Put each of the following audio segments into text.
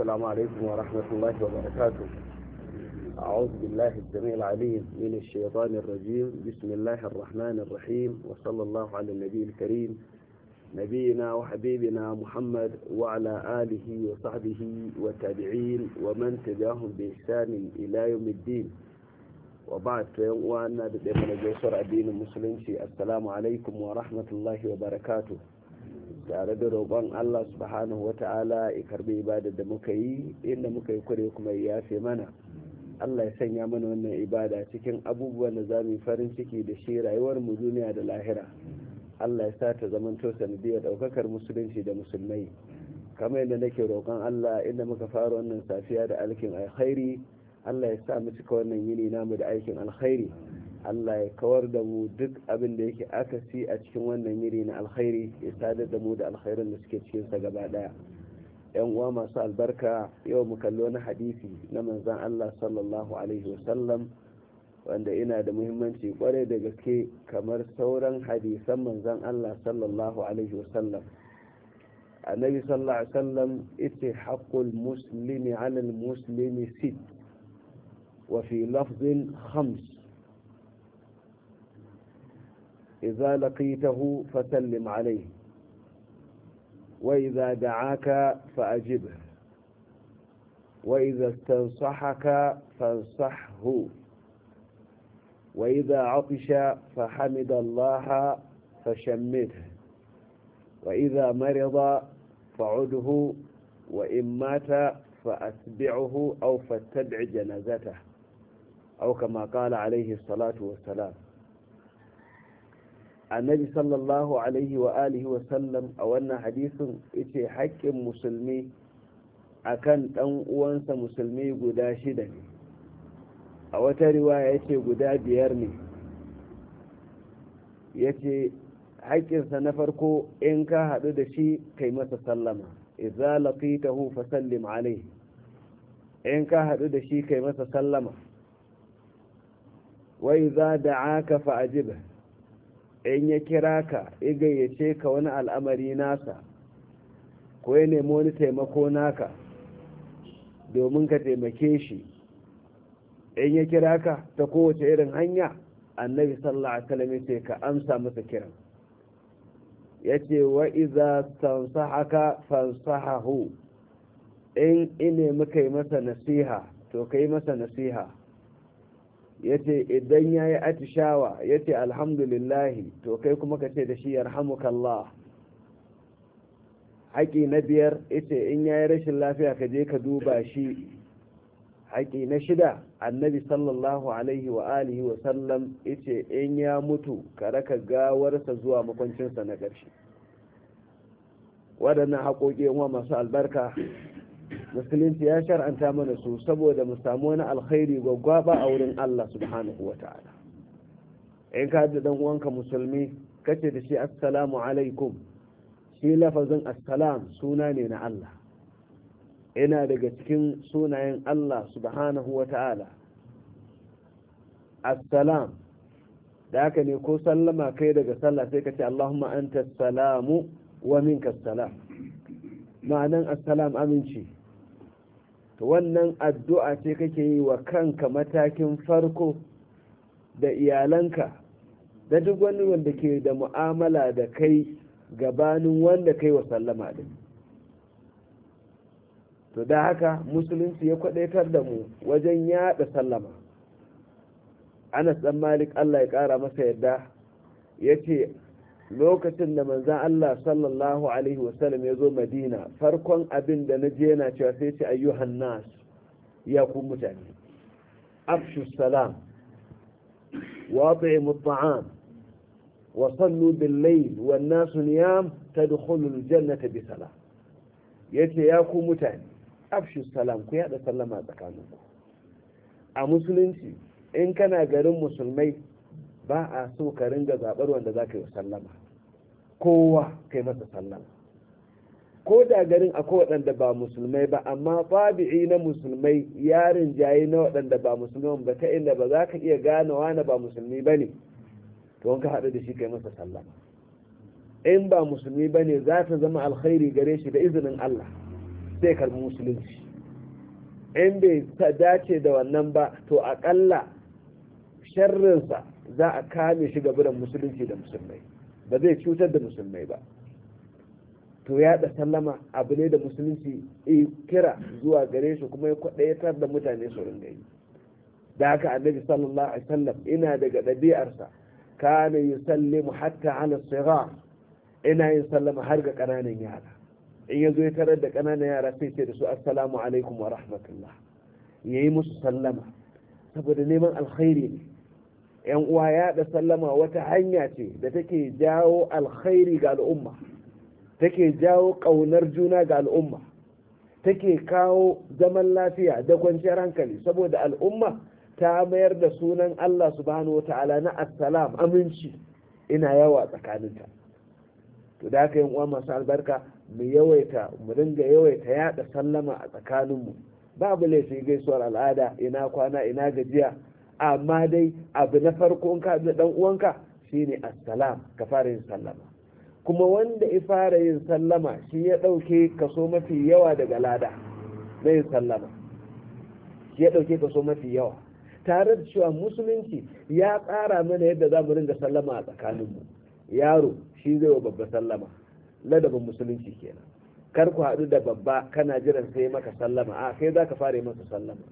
السلام عليكم ورحمة الله وبركاته أعوذ بالله السميع العليم من الشيطان الرجيم بسم الله الرحمن الرحيم وصلى الله على النبي الكريم نبينا وحبيبنا محمد وعلى آله وصحبه وتابعين ومن تبعهم بإحسان إلى يوم الدين وبعد وأنا بدأ من الدين المسلم السلام عليكم ورحمة الله وبركاته tare da roƙon Allah subhanahu wa ta'ala ya karbi ibada da muka yi inda muka yi kure kuma ya yafe mana Allah ya sanya mana wannan ibada cikin abubuwan da za farin ciki da shi rayuwar mu duniya da lahira Allah ya sa ta zamanto sanadiya ɗaukakar musulunci da musulmai kamar yadda nake roƙon Allah inda muka fara wannan safiya da alkin alkhairi Allah ya sa mu cika wannan yini namu da aikin alkhairi Allah ya kawar da mu duk abin da yake akasi a cikin wannan yiri na alkhairi ya sadar da mu da alkhairun da suke cikin sa gaba daya yan uwa masu albarka yau mu kallo na hadisi na manzon Allah sallallahu alaihi wasallam wanda ina da muhimmanci kwarai da gaske kamar sauran hadisan manzon Allah sallallahu alaihi wasallam annabi sallallahu alaihi wasallam yace haqqul muslimi 'ala muslimi sit wa fi lafzin khams إذا لقيته فسلم عليه وإذا دعاك فأجبه وإذا استنصحك فانصحه وإذا عطش فحمد الله فشمته وإذا مرض فعده وإن مات فأتبعه أو فاتبع جنازته أو كما قال عليه الصلاة والسلام annabi sallallahu alaihi wa alihi wa sallam a wannan hadisin yace haƙƙin musulmi akan dan uwansa musulmi guda shida ne a wata riwaya yace guda biyar ne yace haƙƙinsa na farko in ka haɗu da shi kai masa sallama idza laqitahu fa sallim alayhi in ka haɗu da shi kai masa sallama wa idza da'aka fa ajibah in ya kira ka ya gayyace ka wani al'amari nasa ko ya nemi wani taimako naka domin ka taimake shi in ya kira ka ta kowace irin hanya annabi sallallahu alaihi wasallam ka amsa masa kiran yace wa idza tansahaka fansahahu in ine muka yi masa nasiha to kai masa nasiha ya ce idan ya yi atishawa ya ce alhamdulillahi to kai kuma ka ce da shi yarhamukallah haƙi na biyar ita in ya yi rashin lafiya ka je ka duba shi haƙi na shida annabi sallallahu alaihi wa alihi wa sallam ita in ya mutu ka raka gawarsa zuwa makwancinsa na ƙarshe waɗannan haƙoƙi wa masu albarka musulunci ya shar'anta mana su saboda mu samu wani alkhairi gwaggwaba a wurin Allah subhanahu wa ta'ala in ka ji dan uwanka musulmi kace da shi assalamu alaikum shi lafazin assalam suna ne na Allah ina daga cikin sunayen Allah subhanahu wa ta'ala assalam da haka ne ko sallama kai daga sallah sai ka ce Allahumma anta salamu wa minka salam ma'anan assalam aminci to wannan addu'a ce kake yi wa kanka matakin farko da iyalanka da duk wani wanda ke da mu'amala da kai gabanin wanda kai wa sallama shi. to da haka musulunci ya kwadaitar da mu wajen yada sallama anas dan malik allah ya kara masa yadda ya ce lokacin da manzan Allah sallallahu alaihi wasallam ya zo madina farkon abin da na je yana cewa sai ce ayyuhan nas ya ku mutane afshu salam wa at'imu at'am wa sallu bil layl wan nas niyam tadkhulul jannata bi salam yace ya ku mutane afshu salam ku yada sallama tsakaninku a musulunci in kana garin musulmai ba a so ka ringa zaɓar wanda za ka yi sallama kowa kai masa sallama ko da garin akwai waɗanda ba musulmai ba amma tabi'i na musulmai yarin jayi na waɗanda ba musulmai ba ta inda ba za ka iya gane wani ba musulmi ba ne to wanka haɗu da shi kai masa sallama in ba musulmi ba ne za ta zama alkhairi gare shi da izinin Allah sai karbi musulunci in bai ta dace da wannan ba to aƙalla sharrinsa za a kame shi da musulunci da musulmai ba zai cutar da musulmai ba to ya yaɗa sallama abu ne da musulunci ya kira zuwa gare shi kuma ya kwaɗayatar da mutane su ringa yi da haka annabi sallallahu alaihi wasallam ina daga ɗabi'arsa kana yusallimu hatta ala sighar ina yin sallama har ga ƙananan yara in ya zo ya tarar da ƙananan yara sai ce da su assalamu alaikum wa rahmatullah yayi musu sallama saboda neman alkhairi ne yan uwa ya yaɗa sallama wata hanya ce da take jawo alkhairi ga al'umma take jawo ƙaunar juna ga al'umma take kawo zaman lafiya da kwanciyar hankali saboda al'umma ta mayar da sunan Allah subhanahu wa na assalam aminci ina yawa tsakaninta to da haka yin uwa masu albarka mu yawaita mu dinga yawaita yaɗa sallama a tsakaninmu babu laifi gaisuwar al'ada ina kwana ina gajiya amma dai abu na farko in ka da dan uwanka shine assalam ka fara yin sallama kuma wanda ya fara yin sallama shi ya dauke kaso mafi yawa daga lada na yin sallama shi ya dauke kaso mafi yawa tare da cewa musulunci ya tsara mana yadda za mu ringa sallama a tsakaninmu yaro shi zai wa babba sallama ladabin musulunci kenan kar ku haɗu da babba kana jiran sai maka sallama a kai za ka fara masa sallama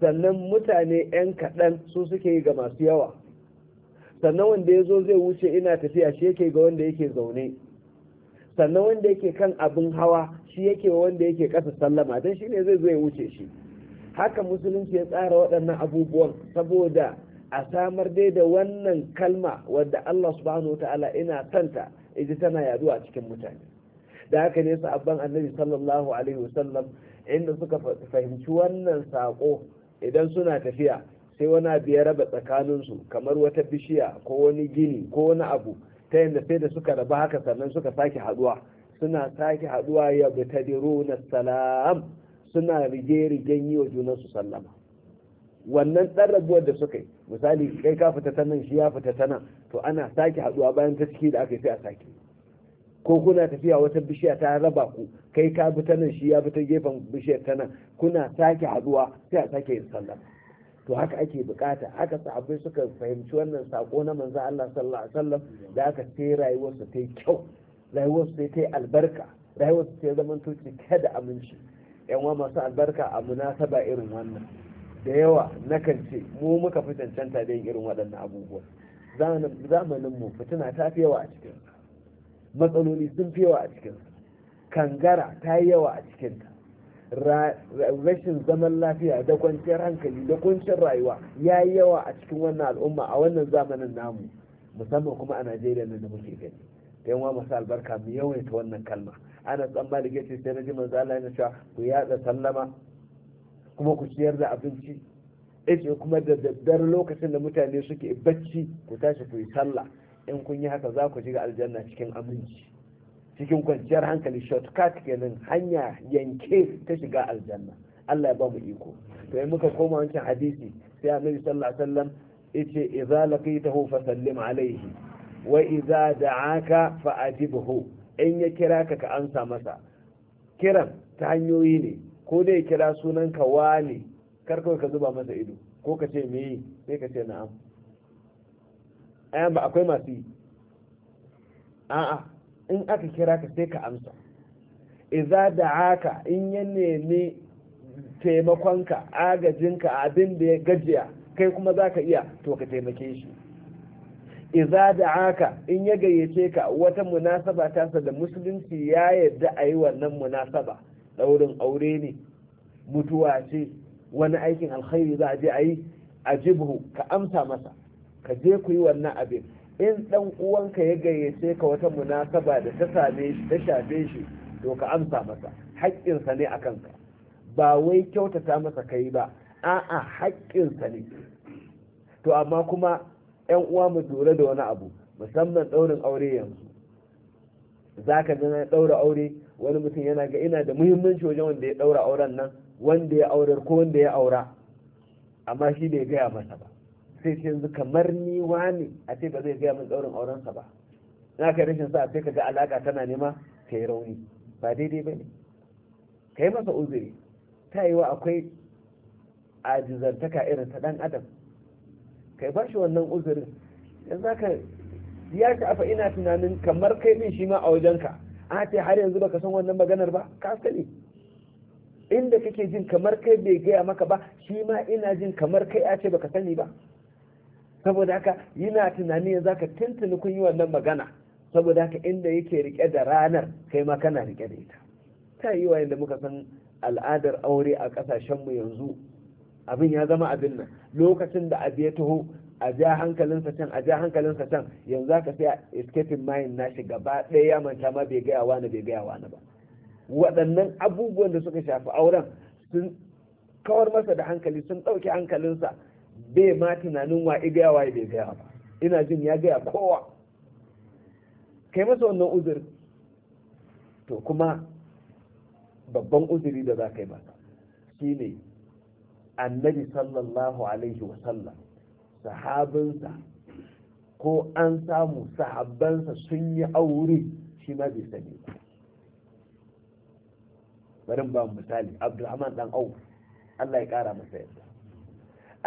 sannan mutane 'yan kaɗan su suke yi ga masu yawa sannan wanda ya zo zai wuce ina tafiya shi yake ga wanda yake zaune sannan wanda yake kan abin hawa shi yake wa wanda yake ƙasa sallama don shi ne zai zo ya wuce shi haka musulunci ya tsara waɗannan abubuwan saboda a samar dai da wannan kalma wadda Allah subhanahu wa ta'ala ina santa iji tana yaduwa cikin mutane da haka ne sahabban annabi sallallahu alaihi wasallam inda suka fahimci wannan saƙo idan suna tafiya sai wani abu ya raba tsakaninsu kamar wata bishiya ko wani gini ko wani abu ta yadda sai da suka raba haka sannan suka sake haduwa suna sake haduwa ya bi ta na salam suna rige-rigen yi wa junansu sallama wannan ɗan rabuwar da suka yi misali kai ka fita ta nan shi ya fita ta nan to ana sake haduwa bayan ta ciki da aka yi sai a sake ko kuna tafiya wata bishiya ta raba ku kai ka bi ta nan shi ya bi ta gefen bishiyar ta nan kuna sake haduwa sai a sake yin sallah to haka ake bukata haka sahabbai suka fahimci wannan sako na manzo Allah sallallahu alaihi wasallam da aka sai rayuwarsa ta yi kyau rayuwarsa ta yi albarka rayuwarsa ta zaman to cike da aminci yan uwa masu albarka a munasaba irin wannan da yawa nakan ce mu muka fi cancanta da irin waɗannan abubuwa Zamaninmu mu fitina ta fi yawa a cikin matsaloli sun fi yawa a cikinsa kangara ta yi yawa a cikinta rashin zaman lafiya da kwanciyar hankali da kwanciyar rayuwa ya yi yawa a cikin wannan al'umma a wannan zamanin namu musamman kuma a najeriya nan da muke gani da yawa masu albarka mu yawaita wannan kalma ana tsan malige ce sai na ji manzo Allah yana cewa ku yada sallama kuma ku ciyar da abinci ce kuma da daddare lokacin da mutane suke bacci ku tashi ku yi sallah in kun yi haka za ku shiga aljanna cikin aminci cikin kwanciyar hankali shortcut kenan hanya yanke ta shiga aljanna Allah ya ba mu iko to in muka koma wancan hadisi sai annabi sallallahu alaihi wasallam yace idza laqitahu fa sallim alaihi wa idza da'aka fa ajibhu in ya kira ka ka amsa masa kiran ta hanyoyi ne ko dai kira sunanka wani karka ka zuba masa ido ko ka ce me sai ka ce na'am ayan ba akwai masu yi a'a in aka kira ka sai ka amsa idza da'aka in ya nemi taimakonka agajinka abin da ya gajiya kai kuma za ka iya to ka taimake shi iza da haka in ya gayyace ka wata munasaba tasa da musulunci ya yarda a yi wannan munasaba ɗaurin aure ne mutuwa ce wani aikin alkhairi za a je a yi a jibhu ka amsa masa ka je ku yi wannan abin in dan uwanka ya gayyace ka wata munasaba da ta same shi ta shafe shi to ka amsa masa haƙƙinsa ne a kanka ba wai kyautata masa kai ba a'a haƙƙinsa ne to amma kuma yan uwa mu lura da wani abu musamman ɗaurin aure yanzu za ka na ɗaura aure wani mutum yana ga ina da muhimmanci wajen wanda ya ɗaura auren nan wanda ya aurar ko wanda ya aura amma shi bai gaya masa ba sai ce yanzu kamar ni wani a ce ba zai gaya min tsaurin aurensa ba na kai rashin sa sai ga alaka tana nema ta yi rauni ba daidai ba ne ka masa uzuri ta yi wa akwai ajizantaka irin ta dan adam kai ba shi wannan uzurin yanzu ka ya sha'afa ina tunanin kamar kai min shi ma a wajenka a ce har yanzu baka san wannan maganar ba ka sani inda kake jin kamar kai bai gaya maka ba shi ma ina jin kamar kai a ce baka sani ba saboda haka yana tunani yanzu ka tuntuni kun yi wannan magana saboda haka inda yake rike da ranar kai ma kana rike da ita ta yi wa yadda muka san al'adar aure a kasashenmu yanzu abin ya zama abin nan lokacin da abu ya taho a ja hankalinsa can a ja hankalinsa can yanzu aka sai escaping mind nashi gaba ɗaya ya manta ma bai gaya wani bai gaya wani ba waɗannan abubuwan da suka shafi auren sun kawar masa da hankali sun ɗauki hankalinsa bai ma tunanin wa igaya wa bai gaya ba ina jin ya gaya kowa kai masa wannan uzuri to kuma babban uzuri da za ka yi masa ne, annabi sallallahu alaihi wasallam sahabinsa ko an samu sahabbansa sun yi aure shi ma bai sani ba bari ba misali abdulrahman dan au Allah ya kara masa yadda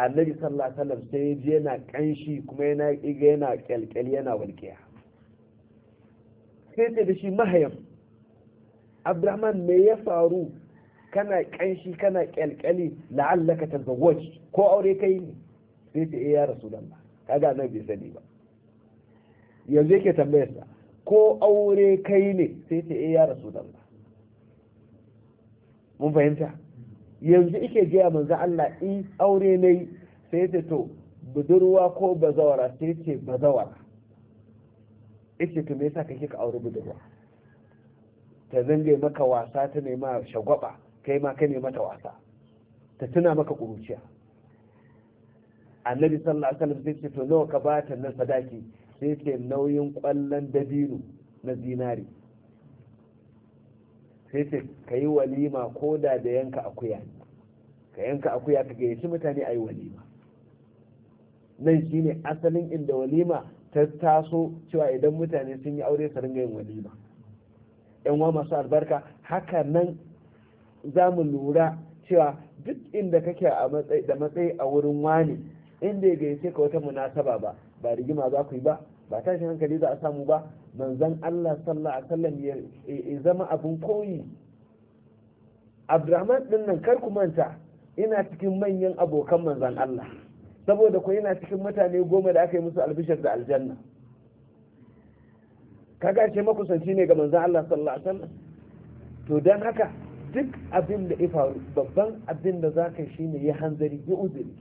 annabi sallallahu alaihi wasallam sai ya je yana kanshi kuma yana iga yana kyalkyali yana walƙiya sai ce da shi mahayam abdurrahman me ya faru kana kanshi kana kyalkyali la'allaka tazawwaj ko aure kai ne sai ce eh ya rasulullah kaga annabi bai sani ba yanzu yake tambayar sa ko aure kai ne sai ce eh ya rasulullah mun fahimta yanzu ike gaya manzo Allah in aure ne sai ta to budurwa ko bazawara sai ce bazawara ita to me yasa kake ka aure budurwa ta zange maka wasa ta nema shagwaba kai ma ka nema ta wasa ta tuna maka kuruciya annabi sallallahu alaihi wasallam sai ce to nawa ka bata na sadaki sai ce nauyin kwallon dabino na zinari sai ce ka yi walima ko da da yanka akuya ka yanka akuya ka gayyaci mutane a yi walima nan shi ne asalin inda walima ta taso cewa idan mutane sun yi aure su ringa yin walima yan wa masu albarka haka nan za mu lura cewa duk inda kake da matsayi a wurin wani inda ya gayyace ka wata munasaba ba ba rigima za ku yi ba ba tashin hankali za a samu ba manzan Allah sallallahu alaihi wasallam ya zama abin koyi Abdurrahman din nan kar ku manta ina cikin manyan abokan manzan Allah saboda ku yana cikin mutane goma da aka yi musu albishar da aljanna kaga ce makusanci ne ga manzan Allah sallallahu alaihi wasallam to dan haka duk abin da ifa babban abin da za ka shi ne ya hanzari ya uzuri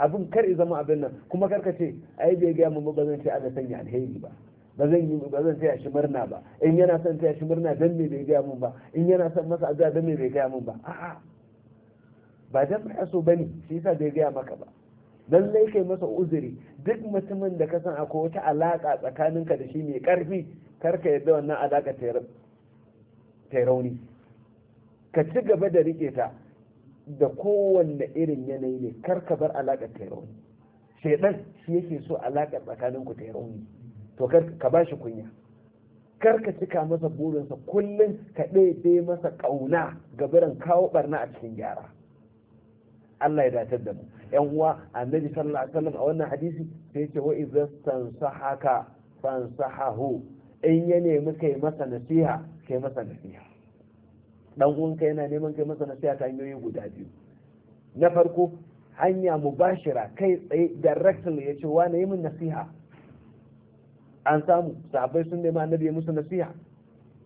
abin kar zama abin nan kuma karka ce ai bai gaya mu ba zan ce ana sanya alheri ba ba zan yi ba zan taya shi murna ba in yana son taya shi murna dan me bai gaya min ba in yana son masa addu'a dan me bai gaya min ba a'a ba dan ba so bane shi yasa bai gaya maka ba lai kai masa uzuri duk mutumin da ka san akwai wata alaka tsakaninka da shi mai karfi kar ka yadda wannan alaka ta rauni ka ci gaba da rike ta da kowanne irin yanayi ne kar ka bar alaka ta rauni shaidan shi yake so alaka tsakaninku ta rauni to ka ba shi kunya kar ka cika masa burinsa kullum ka ɗaiɗe masa ƙauna ga biran kawo barna a cikin gyara Allah ya datar da mu yan uwa annabi sallallahu alaihi wasallam a wannan hadisi sai ya ce wa idza tansahaka fansahahu in ya nemi kai masa nasiha kai masa nasiha dan uwanka yana neman kai masa nasiha ta hanyoyi guda biyu na farko hanya mubashira kai tsaye directly ya ce wa na yi min nasiha an samu sahabbai sun nema annabi ya musu nasiha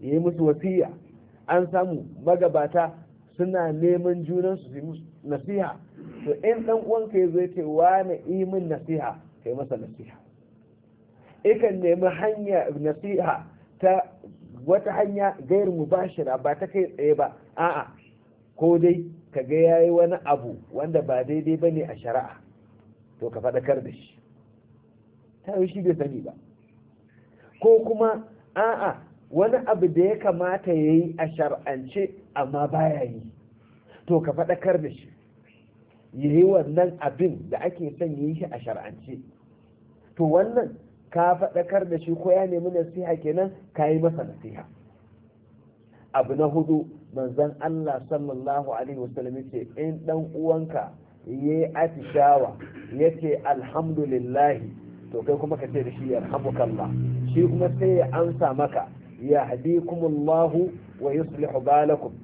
ya yi musu wasiya an samu magabata suna neman junan su yi musu nasiha to in dan uwanka ya zo ce yi min nasiha kai masa nasiha ikan nemi hanya nasiha ta wata hanya gair mubashira ba ta kai tsaye ba a'a ko dai ka ga yayi wani abu wanda ba daidai bane a shari'a to ka faɗakar da shi ta yi shi bai sani ba ko kuma a'a wani abu da ya kamata ya yi a shar'ance amma baya yi to ka faɗakar da shi ya yi wannan abin da ake son ya yi shi a shar'ance to wannan ka faɗakar da shi ko ya nemi nasiha kenan ka yi masa nasiha abu na hudu manzon Allah sallallahu alaihi wasallam ce in dan uwanka yayi atishawa yace alhamdulillahi to kai kuma ka ce da shi yarhamukallah shi kuma sai ya ansa maka yahdikumullahu wa yuslihu balakum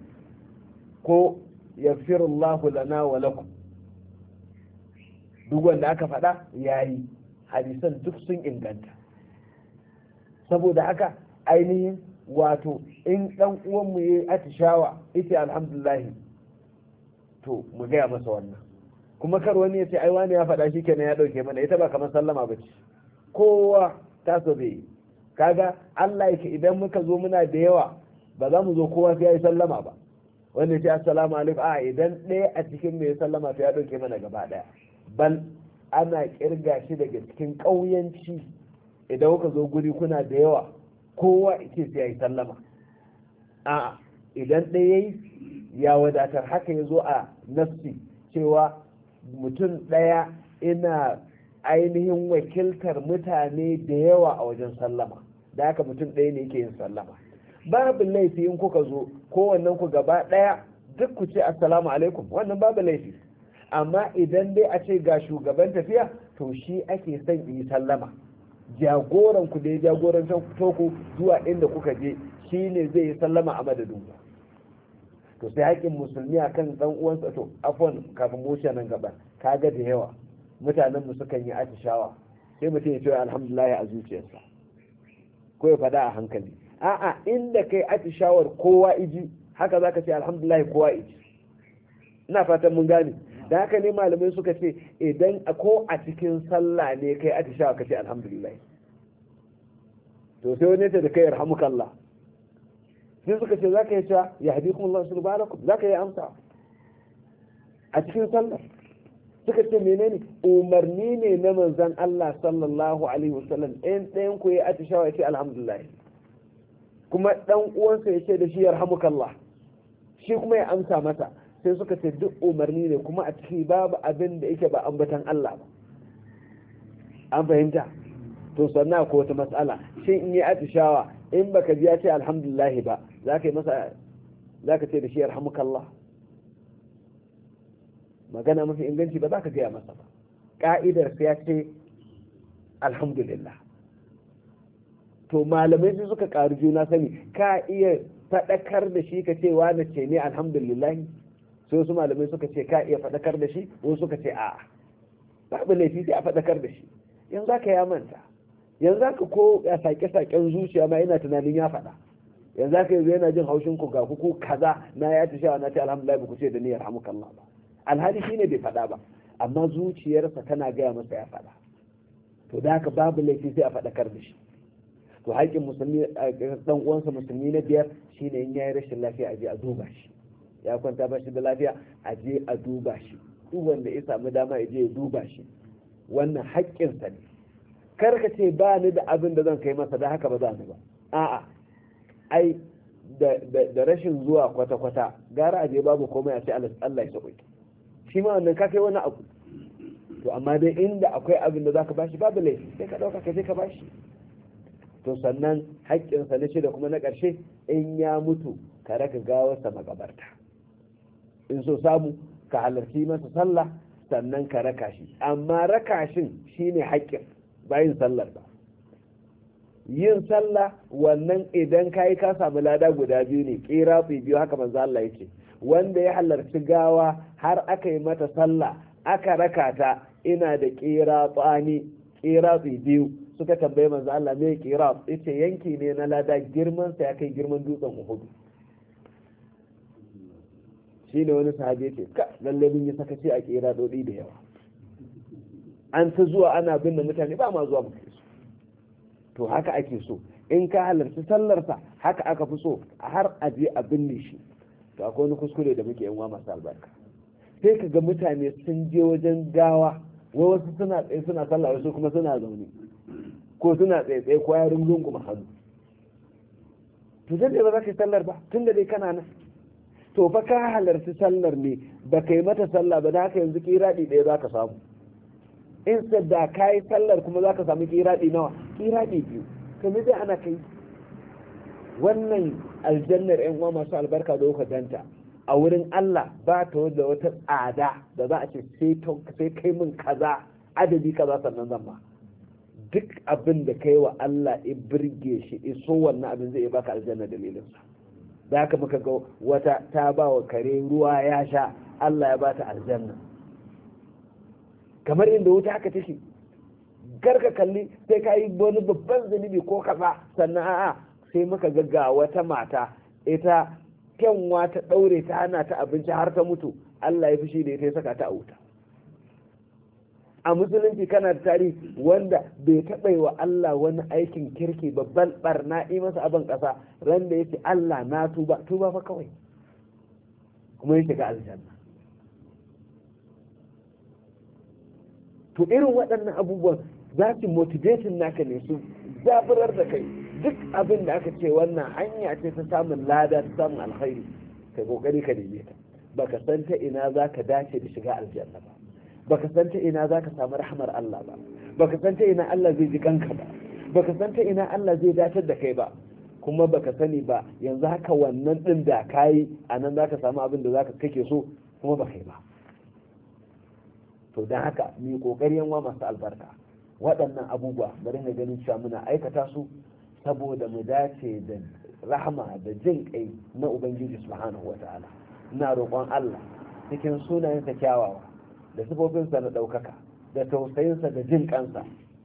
ko yaghfirullahu lana wa lakum duk wanda aka faɗa yayi hadisan duk sun inganta saboda haka ainihin wato in dan uwanmu yayi atishawa ita alhamdulillah to mu gaya masa wannan kuma kar wani ya ce ai wani ya faɗa shi kenan ya ɗauke mana ita ba kamar sallama ba ce kowa so zai yi kaga Allah yake idan muka zo muna da yawa ba za mu zo kowa sai ya yi sallama ba wanda ya ce assalamu alaikum a idan ɗaya a cikin mai sallama sai ya ɗauke mana gaba ɗaya bal ana kirga shi daga cikin ƙauyanci idan kuka zo guri kuna da yawa kowa ke sai ya yi sallama a idan ɗaya ya wadatar haka ya zo a nafsi cewa mutum ɗaya ina ainihin wakiltar mutane da yawa a wajen sallama da haka mutum ɗaya ne yake yin sallama babu laifi in kuka zo kowannen ku gaba ɗaya duk ku ce assalamu alaikum wannan babu laifi amma idan dai a ce ga shugaban tafiya to shi ake son yi sallama jagoran ku da ya jagorantar toku zuwa inda kuka je shi ne zai yi sallama a madadin ku to sai haƙƙin musulmi akan dan uwansa to afon kafin mu nan gaba kaga da yawa mutanen mu sukan yi atishawa sai mutum ya ce alhamdulillah a zuciyarsa ko ya faɗa a hankali a'a inda kai atishawar kowa iji haka zaka ce alhamdulillah kowa iji ina fatan mun gane da haka ne malamai suka ce idan ko a cikin sallah ne kai atishawa ka ce alhamdulillah to sai wani ta da kai yarhamukallah sai suka ce za ka yi ta ya haɗi kuma Allah shi ku za ka yi amsa a cikin sallar suka ce menene umarni ne na manzan Allah sallallahu alaihi wasallam ɗayan ɗayan ku ya atishawa ya ce alhamdulillah kuma ɗan uwansa ya ce da shi yarhamukallah shi kuma ya amsa masa sai suka ce duk umarni ne kuma a ciki babu abin da yake ba ambatan Allah ba an fahimta to sannan ko wata matsala shin in yi atishawa in baka ji ya ce alhamdulillah ba za ka yi masa zaka ce da shi Allah magana mafi inganci ba za ka gaya masa ba ka'idar sai ya ce alhamdulillah to malamai su suka karu juna sani ka iya faɗakar da shi ka ce wa ce ne alhamdulillah sai su malamai suka ce ka iya faɗakar da shi ko suka ce a'a babu laifi sai a faɗakar da shi yanzu ka ya manta yanzu ka ko a sake-saken zuciya ma ina tunanin ya faɗa yanzu haka yanzu yana jin haushin ku ga ku kaza na ya ci shawa na ce alhamdulillah ba ku ce da ni yarhamukallah ba alhali shine bai faɗa ba amma zuciyarsa tana gaya masa ya faɗa to da haka babu laifi sai a faɗakar da shi to haƙƙin musulmi dan uwansa musulmi na biyar shine in yayi rashin lafiya a je a duba shi ya kwanta ba shi da lafiya a je a duba shi duk wanda ya samu dama ya je ya duba shi wannan haƙƙinsa ne kar ka ce ba ni da abin da zan kai masa da haka ba za ni ba a'a ai da rashin zuwa kwata-kwata gara a je babu komai a ce Allah ya sauƙi shi ma wannan ka kai wani abu to amma dai inda akwai abin da zaka bashi babu laifi sai ka ɗauka ka sai ka bashi to sannan haƙƙinsa na da kuma na ƙarshe in ya mutu ka raka gawarsa magabarta in so samu ka halarci masa sallah sannan ka raka shi amma raka shin shine haƙƙin bayin sallar ba yin sallah wannan idan kayi ka samu lada guda biyu ne kira biyu haka manzo Allah yake wanda ya halarci gawa har aka yi mata sallah aka raka ta ina da kira tsani kira biyu suka tambaye manzo Allah me kira yace yanki ne na lada girman sa ya kai girman dutsen Uhud shi ne wani sahabi yace ka lalle mun yi sakaci a kira dodi da yawa an ta zuwa ana binne mutane ba ma zuwa mutane to haka ake so in ka halarci sallarsa haka aka fi so a har aje a binne shi to akwai wani kuskure da muke yanwa masu albarka sai ka ga mutane sun je wajen gawa wai wasu suna tsaye suna sallah wasu kuma suna zaune ko suna tsaye tsaye ko ya zungu kuma hannu to zan ba za ka yi sallar ba tun da dai kana nan to fa ka halarci sallar ne ba ka yi mata sallah ba da haka yanzu kiraɗi ɗaya za ka samu in da ka yi sallar kuma za ka samu kiraɗi nawa kira ne biyu kamar zai ana kai wannan aljannar yan uwa masu albarka da kuka danta a wurin Allah ba ta da wata tsada da za a ce sai kai min kaza adadi kaza sannan zan ba duk abin da kai wa Allah i birge shi iso wannan abin zai baka aljanna dalilinsa da haka muka ga wata ta ba wa kare ruwa ya sha Allah ya bata aljanna kamar inda wuta aka tashi kar ka kalli sai ka yi wani babban zunubi ko kasa. sannan a'a sai muka ga wata mata ita kyanwa ta ɗaure ta hana ta abinci har ta mutu Allah ya fushi da ita ya saka ta a wuta a musulunci kana da tarihi wanda bai taɓa wa Allah wani aikin kirki babban barna yi masa abin ƙasa ran da yake Allah na tuba tuba fa kawai kuma ya shiga aljanna to irin waɗannan abubuwan za su motivation naka ne su zaburar da kai duk abin da aka ce wannan hanya ce ta samun lada ta samun alkhairi ka kokari ka neme ta baka san ta ina za ka dace da shiga aljanna ba baka san ta ina za ka samu rahmar Allah ba baka san ta ina Allah zai ji kanka ba baka san ta ina Allah zai dace da kai ba kuma baka sani ba yanzu haka wannan din da kai a nan za ka samu abin da za ka kake so kuma ba kai ba to don haka mu kokari wa masu albarka waɗannan abubuwa bari na ganin cewa muna aikata su saboda mu dace da rahama da jin kai na ubangiji subhanahu wata'ala ina roƙon Allah cikin sunayensa kyawawa da sifofinsa na ɗaukaka da tausayinsa da jin kansa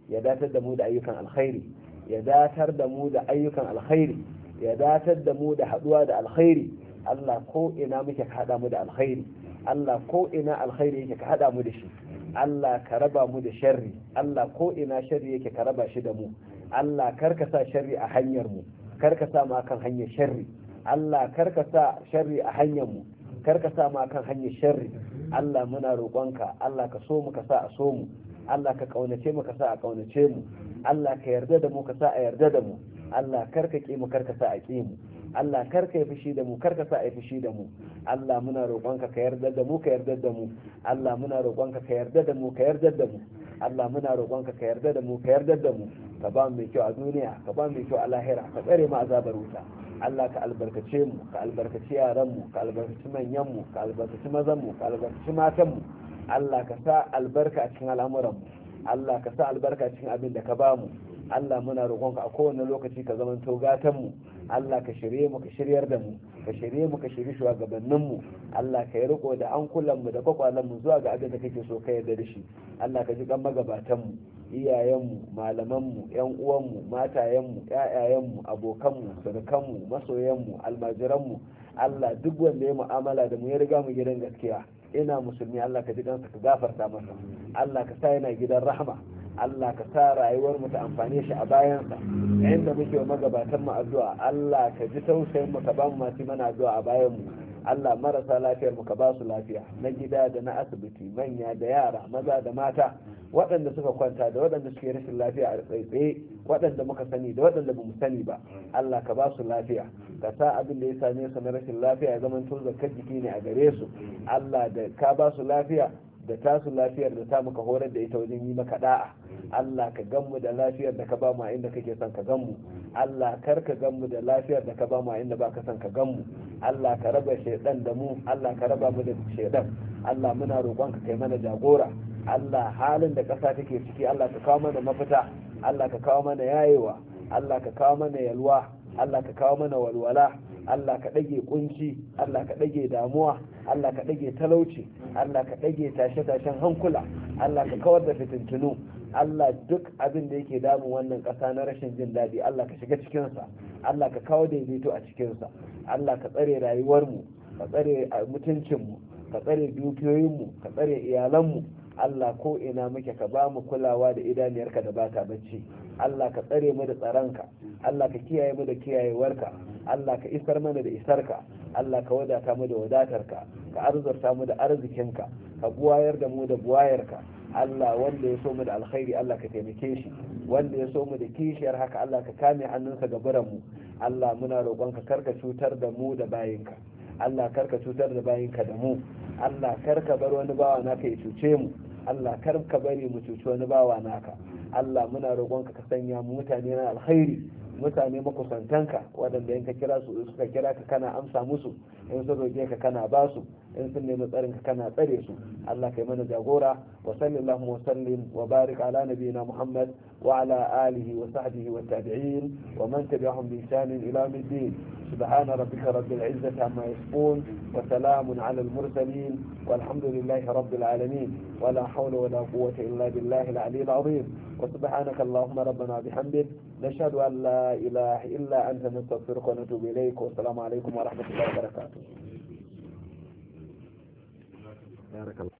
ya datar da mu da ayyukan alkhairi ya datar da mu da ayyukan alkhairi ya datar da mu da haɗuwa da alkhairi Allah ko ina muke ka haɗa mu da alkhairi Allah ko ina alkhairi yake ka haɗa mu da shi Allah ka raba mu da sharri Allah ko ina sharri yake ka raba shi da mu Allah kar ka sa sharri a hanyar mu kar ka sa mu akan hanyar sharri Allah kar ka sa sharri a hanyar mu kar ka sa mu akan hanyar sharri Allah muna roƙonka Allah ka so mu ka sa a so mu Allah ka kaunace mu ka sa a kaunace mu Allah ka yarda da mu ka sa a yarda da mu Allah kar ka ki mu kar ka sa a ki mu Allah kar ka yi fushi da mu kar ka sa a yi fushi da mu Allah muna roƙonka ka yarda da mu ka yarda da mu Allah muna roƙonka ka yarda da mu ka yarda da mu Allah muna roƙonka ka yarda da mu ka yarda da mu ka ba mu mai kyau a duniya ka ba mu mai kyau a lahira ka tsare mu azabar wuta Allah ka albarkace mu ka albarkaci yaran mu ka albarkaci manyan mu ka albarkaci mazan mu ka albarkaci matan mu Allah ka sa albarka a cikin al'amuran mu Allah ka sa albarka cikin abin da ka ba mu. Allah muna roƙonka a kowane lokaci ka zama to gatan mu Allah ka shirye mu ka shiryar da mu ka shirye mu ka shirye shugabannin mu Allah ka yi riko da kullan mu da kwakwalan mu zuwa ga abin da kake so ka yarda da shi Allah ka ji kan magabatan mu iyayen mu malaman mu yan uwan mu matayen mu ƴaƴayen mu abokan mu surukan mu masoyan mu almajiran mu Allah duk wanda ya mu'amala da mu ya riga mu gidan gaskiya ina musulmi Allah ka ji kansa ka gafarta masa Allah ka sa yana gidan rahama. Allah ka sa rayuwar mu ta amfane shi a bayansa sa inda muke wa magabatan mu addu'a Allah ka ji tausayin mu ka ba mu masu mana addu'a a bayan mu Allah marasa lafiyar mu ka ba su lafiya na gida da na asibiti manya da yara maza da mata waɗanda suka kwanta da waɗanda suke rashin lafiya a tsaitsaye waɗanda muka sani da waɗanda ba mu sani ba Allah ka ba su lafiya ka sa abin da ya same su na rashin lafiya ya zama tun zakar jiki ne a gare su Allah da ka ba su lafiya da tasu lafiyar da ta muka horar da ita wajen yi maka da'a Allah ka ganmu da lafiyar da ka ba mu inda kake son ka ganmu Allah kar ka ganmu da lafiyar da ka ba mu inda baka son ka ganmu Allah ka raba shaidan da mu Allah ka raba mu da shaidan Allah muna roƙon ka kai mana jagora Allah halin da ƙasa take ciki Allah ka kawo mana mafita Allah ka kawo mana yayewa Allah ka kawo mana yalwa Allah ka kawo mana walwala Allah ka ɗage kunci Allah ka ɗage damuwa Allah ka ɗage talauci Allah ka ɗage tashe-tashen hankula Allah ka kawar da fitintunu Allah duk abin da yake damun wannan ƙasa na rashin jin daɗi Allah ka shiga cikinsa Allah ka kawo daidaito a cikinsa Allah ka tsare rayuwarmu ka tsare mutuncinmu ka tsare dukiyoyinmu ka tsare iyalanmu Allah ko ina muke ka ba mu kulawa da idaniyarka da bata bacci Allah ka tsare mu da tsaronka Allah ka kiyaye mu da kiyayewarka Allah ka isar mana da isarka Allah ka wadata mu da wadatarka ka arzurta mu da arzikinka ka buwayar da mu da buwayarka Allah wanda ya so mu da alkhairi Allah ka taimake shi wanda ya so mu da kishiyar haka Allah ka kame hannunsa ga mu Allah muna roƙonka karka cutar da mu da bayinka Allah karka cutar da bayinka da mu Allah karka bar wani bawa naka ya cuce mu Allah ka bari mu cuci wani bawa naka Allah muna roƙonka ka sanya mu mutane na alkhairi mutane makusantanka waɗanda in ka kira su suka kira ka kana amsa musu in su roƙe ka kana basu. in sun nemi tsarin ka kana tsare su Allah kai mana jagora wa sallallahu wa sallim wa barik ala nabiyina Muhammad wa ala alihi wa sahbihi wa tabi'in wa man tabi'ahum bi ihsan ila yawm الدين سبحان ربك رب العزة عما يصفون وسلام على المرسلين والحمد لله رب العالمين ولا حول ولا قوة إلا بالله العلي العظيم وسبحانك اللهم ربنا بحمدك نشهد أن لا إله إلا أنت نستغفرك ونتوب إليك والسلام عليكم ورحمة الله وبركاته بارك الله